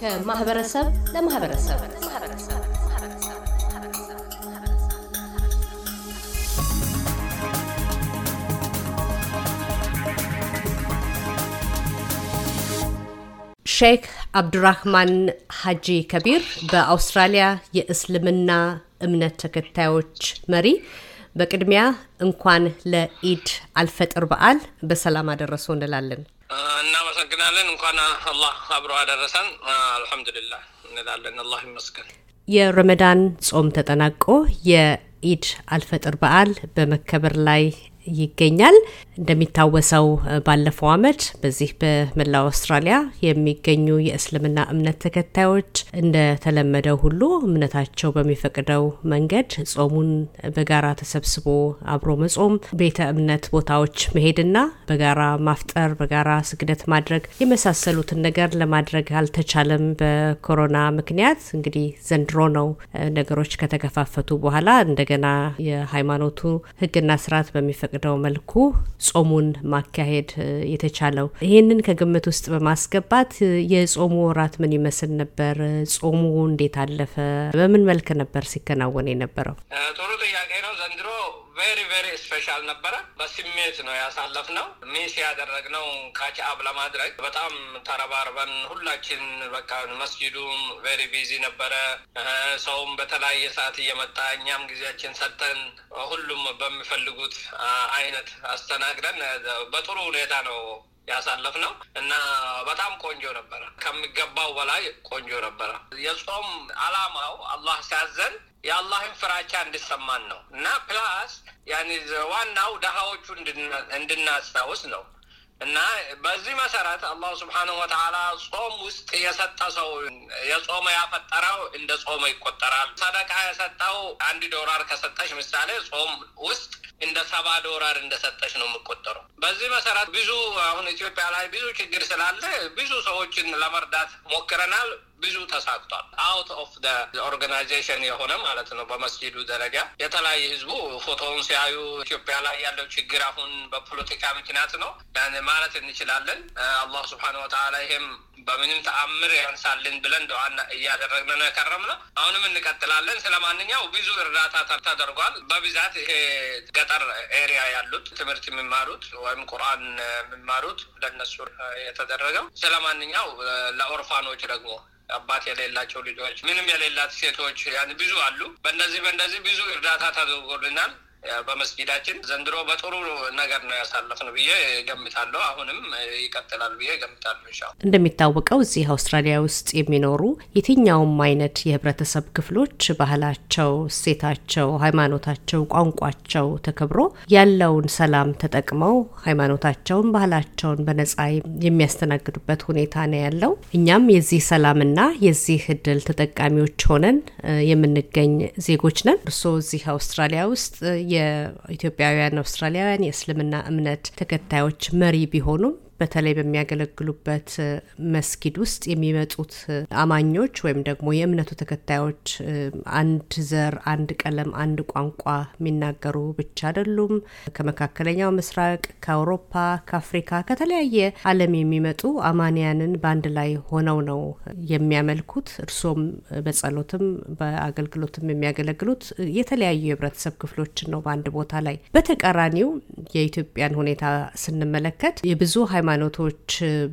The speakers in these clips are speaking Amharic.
ከማህበረሰብ ለማህበረሰብ ሼክ አብዱራህማን ሀጂ ከቢር በአውስትራሊያ የእስልምና እምነት ተከታዮች መሪ በቅድሚያ እንኳን ለኢድ አልፈጥር በዓል በሰላም አደረሶ እንላለን። እናመሰግናለን። እንኳን አላህ አብሮ አደረሰን። አልሐምዱሊላህ እንላለን። አላህ ይመስገን። የረመዳን ጾም ተጠናቆ የኢድ አልፈጥር በዓል በመከበር ላይ ይገኛል። እንደሚታወሰው ባለፈው ዓመት በዚህ በመላ አውስትራሊያ የሚገኙ የእስልምና እምነት ተከታዮች እንደተለመደው ሁሉ እምነታቸው በሚፈቅደው መንገድ ጾሙን በጋራ ተሰብስቦ አብሮ መጾም፣ ቤተ እምነት ቦታዎች መሄድና በጋራ ማፍጠር፣ በጋራ ስግደት ማድረግ የመሳሰሉትን ነገር ለማድረግ አልተቻለም በኮሮና ምክንያት። እንግዲህ ዘንድሮ ነው ነገሮች ከተከፋፈቱ በኋላ እንደገና የሃይማኖቱ ሕግና ስርዓት በሚፈቅ በሚፈቅደው መልኩ ጾሙን ማካሄድ የተቻለው። ይህንን ከግምት ውስጥ በማስገባት የጾሙ ወራት ምን ይመስል ነበር? ጾሙ እንዴት አለፈ? በምን መልክ ነበር ሲከናወን የነበረው? ጥሩ ጥያቄ ነው። ዘንድሮ ቬሪ ቬሪ ስፔሻል ነበረ። በስሜት ነው ያሳለፍነው። ሚስ ያደረግነው ካችአብ ለማድረግ በጣም ተረባርበን ሁላችን በቃ መስጂዱም ቬሪ ቢዚ ነበረ። ሰውም በተለያየ ሰዓት እየመጣ እኛም ጊዜያችን ሰጠን። ሁሉም በሚፈልጉት አይነት አስተናግደን በጥሩ ሁኔታ ነው ያሳለፍ ነው እና በጣም ቆንጆ ነበረ። ከሚገባው በላይ ቆንጆ ነበረ። የጾም አላማው አላህ ሲያዘን የአላህን ፍራቻ እንድሰማን ነው እና ፕላስ ያኔ ዋናው ደሃዎቹ እንድናስታውስ ነው እና በዚህ መሰረት አላሁ ስብሓነሁ ወተዓላ ጾም ውስጥ የሰጠ ሰው የጾመ ያፈጠረው እንደ ጾመ ይቆጠራል። ሰደቃ የሰጠው አንድ ዶላር ከሰጠች ምሳሌ ጾም ውስጥ እንደ ሰባ ዶላር እንደሰጠች ነው የምቆጠረው። በዚህ መሰረት ብዙ አሁን ኢትዮጵያ ላይ ብዙ ችግር ስላለ ብዙ ሰዎችን ለመርዳት ሞክረናል። ብዙ ተሳክቷል። አውት ኦፍ ኦርጋናይዜሽን የሆነ ማለት ነው። በመስጂዱ ደረጃ የተለያየ ህዝቡ ፎቶውን ሲያዩ ኢትዮጵያ ላይ ያለው ችግር አሁን በፖለቲካ ምክንያት ነው ማለት እንችላለን። አላህ ስብሐነ ወተዓላ ይሄም በምንም ተአምር ያንሳልን ብለን እንደዋና እያደረግን ነው ነው። አሁንም እንቀጥላለን። ስለማንኛው ብዙ እርዳታ ተደርጓል። በብዛት ይሄ ገጠር ኤሪያ ያሉት ትምህርት የሚማሩት ወይም ቁርአን የሚማሩት ለነሱ የተደረገው። ስለማንኛው ለኦርፋኖች ደግሞ አባት የሌላቸው ልጆች፣ ምንም የሌላት ሴቶች ብዙ አሉ። በእንደዚህ በእንደዚህ ብዙ እርዳታ ተደርጎልናል። በመስጊዳችን ዘንድሮ በጥሩ ነገር ነው ያሳለፍን ብዬ ገምታለሁ። አሁንም ይቀጥላል ብዬ ገምታለሁ። እንሻ እንደሚታወቀው እዚህ አውስትራሊያ ውስጥ የሚኖሩ የትኛውም አይነት የህብረተሰብ ክፍሎች ባህላቸው፣ እሴታቸው፣ ሃይማኖታቸው፣ ቋንቋቸው ተከብሮ ያለውን ሰላም ተጠቅመው ሃይማኖታቸውን፣ ባህላቸውን በነጻ የሚያስተናግዱበት ሁኔታ ነው ያለው። እኛም የዚህ ሰላምና የዚህ እድል ተጠቃሚዎች ሆነን የምንገኝ ዜጎች ነን። እርስዎ እዚህ አውስትራሊያ ውስጥ የኢትዮጵያውያን አውስትራሊያውያን የእስልምና እምነት ተከታዮች መሪ ቢሆኑም በተለይ በሚያገለግሉበት መስጊድ ውስጥ የሚመጡት አማኞች ወይም ደግሞ የእምነቱ ተከታዮች አንድ ዘር፣ አንድ ቀለም፣ አንድ ቋንቋ የሚናገሩ ብቻ አይደሉም። ከመካከለኛው ምስራቅ፣ ከአውሮፓ፣ ከአፍሪካ፣ ከተለያየ ዓለም የሚመጡ አማንያንን በአንድ ላይ ሆነው ነው የሚያመልኩት። እርሶም በጸሎትም በአገልግሎትም የሚያገለግሉት የተለያዩ የህብረተሰብ ክፍሎችን ነው በአንድ ቦታ ላይ። በተቃራኒው የኢትዮጵያን ሁኔታ ስንመለከት የብዙ ሃይማ ሃይማኖቶች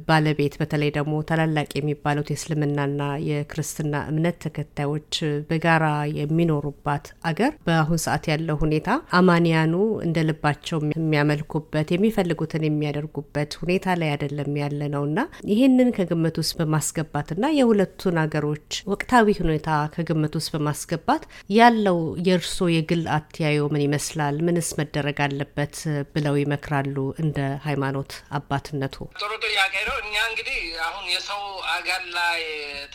ባለቤት በተለይ ደግሞ ታላላቅ የሚባሉት የእስልምናና የክርስትና እምነት ተከታዮች በጋራ የሚኖሩባት አገር በአሁን ሰዓት ያለው ሁኔታ አማንያኑ እንደ ልባቸው የሚያመልኩበት የሚፈልጉትን የሚያደርጉበት ሁኔታ ላይ አይደለም ያለ ነው እና ይህንን ከግምት ውስጥ በማስገባትና የሁለቱን አገሮች ወቅታዊ ሁኔታ ከግምት ውስጥ በማስገባት ያለው የእርሶ የግል አትያዮ ምን ይመስላል? ምንስ መደረግ አለበት ብለው ይመክራሉ እንደ ሃይማኖት አባት ስምምነቱ? ጥሩ ጥያቄ ነው። እኛ እንግዲህ አሁን የሰው ሀገር ላይ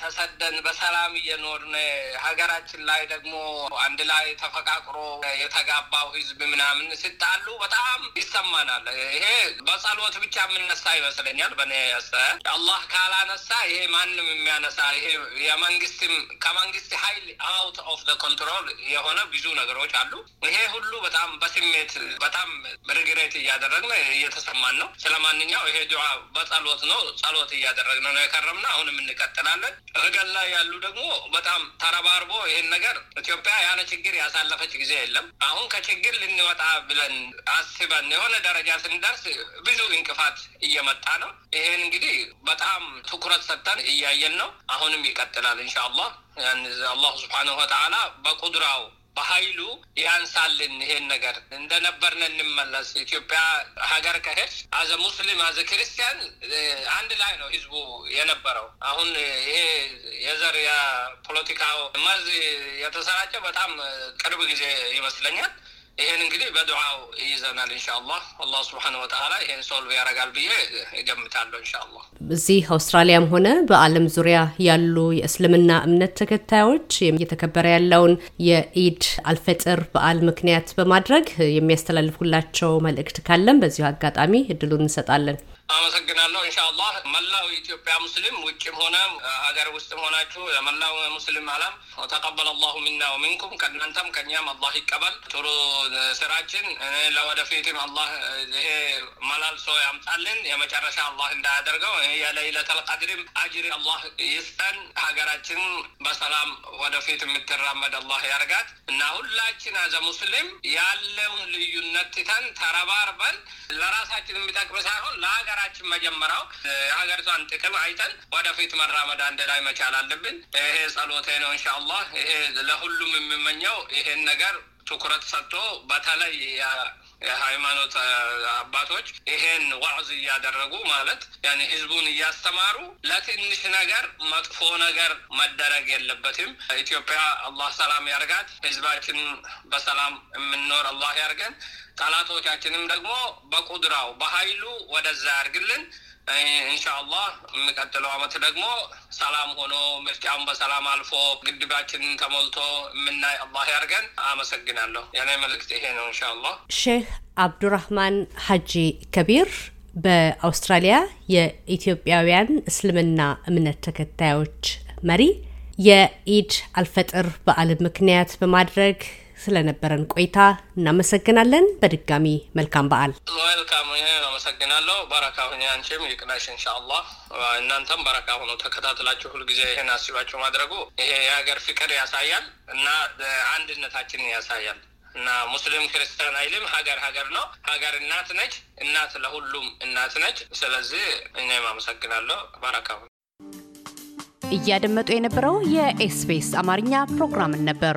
ተሰደን በሰላም እየኖርን ሀገራችን ላይ ደግሞ አንድ ላይ ተፈቃቅሮ የተጋባው ህዝብ ምናምን ሲጣሉ በጣም ይሰማናል። ይሄ በጸሎት ብቻ የምነሳ ይመስለኛል። በኔ ያሰ አላህ ካላነሳ ይሄ ማንም የሚያነሳ ይሄ የመንግስትም ከመንግስት ሀይል አውት ኦፍ ኮንትሮል የሆነ ብዙ ነገሮች አሉ። ይሄ ሁሉ በጣም በስሜት በጣም ርግሬት እያደረግን እየተሰማን ነው። ስለማንኛው ይሄ ዱዓ በጸሎት ነው። ጸሎት እያደረግን ነው የከረምና አሁንም እንቀጥላለን። እገል ላይ ያሉ ደግሞ በጣም ተረባርቦ ይህን ነገር ኢትዮጵያ ያለ ችግር ያሳለፈች ጊዜ የለም። አሁን ከችግር ልንወጣ ብለን አስበን የሆነ ደረጃ ስንደርስ ብዙ እንቅፋት እየመጣ ነው። ይሄን እንግዲህ በጣም ትኩረት ሰጥተን እያየን ነው። አሁንም ይቀጥላል አላህ አላሁ ስብሓነሁ ወተዓላ በቁድራው በሀይሉ ያንሳልን። ይሄን ነገር እንደነበርን እንመለስ። ኢትዮጵያ ሀገር ከሄድ አዘ ሙስሊም አዘ ክርስቲያን አንድ ላይ ነው ህዝቡ የነበረው። አሁን ይሄ የዘር የፖለቲካው መርዝ የተሰራጨው በጣም ቅርብ ጊዜ ይመስለኛል። ይሄን እንግዲህ በዱዓው ይዘናል ኢንሻአላህ። አላ ስብሐነሁ ወተላ ይሄን ሶልቭ ያረጋል ብዬ እገምታለሁ ኢንሻአላህ። እዚህ አውስትራሊያም ሆነ በአለም ዙሪያ ያሉ የእስልምና እምነት ተከታዮች እየተከበረ ያለውን የኢድ አልፈጥር በዓል ምክንያት በማድረግ የሚያስተላልፉላቸው መልእክት ካለን በዚሁ አጋጣሚ እድሉን እንሰጣለን። አመሰግናለሁ። ኢንሻአላህ መላው ኢትዮጵያ ሙስሊም ውጭም ሆነ ሀገር ውስጥም ሆናችሁ ለመላው ሙስሊም አለም ተቀበለ አላሁ ሚና ወሚንኩም ከእናንተም ከኛም አላህ ይቀበል። ጥሩ ስራችን ለወደፊትም አላህ ይሄ መላልሶ ያምጣልን። የመጨረሻ አላህ እንዳያደርገው የለይለተል ቀድርም አጅር አላህ ይስጠን። ሀገራችን በሰላም ወደፊት የምትራመድ አላህ ያርጋት እና ሁላችን አዘ ሙስሊም ያለውን ልዩነት ትተን ተረባርበን ለራሳችን የሚጠቅም ሳይሆን ለሀገር ሀገራችን መጀመሪያው የሀገሪቷን ጥቅም አይተን ወደፊት መራመድ አንድ ላይ መቻል አለብን። ይሄ ጸሎቴ ነው። እንሻአላህ ይሄ ለሁሉም የምመኘው ይሄን ነገር ትኩረት ሰጥቶ በተለይ የሃይማኖት አባቶች ይሄን ዋዕዝ እያደረጉ ማለት ያን ህዝቡን እያስተማሩ ለትንሽ ነገር መጥፎ ነገር መደረግ የለበትም። ኢትዮጵያ አላህ ሰላም ያርጋት። ህዝባችን በሰላም የምንኖር አላህ ያርገን። ጠላቶቻችንም ደግሞ በቁድራው በሀይሉ ወደዛ ያርግልን። ኢንሻአላህ የሚቀጥለው አመት ደግሞ ሰላም ሆኖ ምርጫውን በሰላም አልፎ ግድባችን ተሞልቶ የምናይ አላህ ያርገን። አመሰግናለሁ። የኔ መልእክት ይሄ ነው። ኢንሻአላህ ሼህ አብዱራህማን ሀጂ ከቢር በአውስትራሊያ የኢትዮጵያውያን እስልምና እምነት ተከታዮች መሪ የኢድ አልፈጥር በዓል ምክንያት በማድረግ ስለነበረን ቆይታ እናመሰግናለን። በድጋሚ መልካም በዓል። መልካም አመሰግናለሁ። በረካ ሁኔ አንቺም ይቅናሽ እንሻአላ። እናንተም በረካ ሆኖ ተከታትላችሁ ሁልጊዜ ይሄን አስባችሁ ማድረጉ ይሄ የሀገር ፍቅር ያሳያል እና አንድነታችንን ያሳያል እና ሙስሊም ክርስቲያን አይልም። ሀገር ሀገር ነው። ሀገር እናት ነች። እናት ለሁሉም እናት ነች። ስለዚህ እኛም አመሰግናለሁ። ባረካሁ። እያደመጡ የነበረው የኤስቢኤስ አማርኛ ፕሮግራምን ነበር።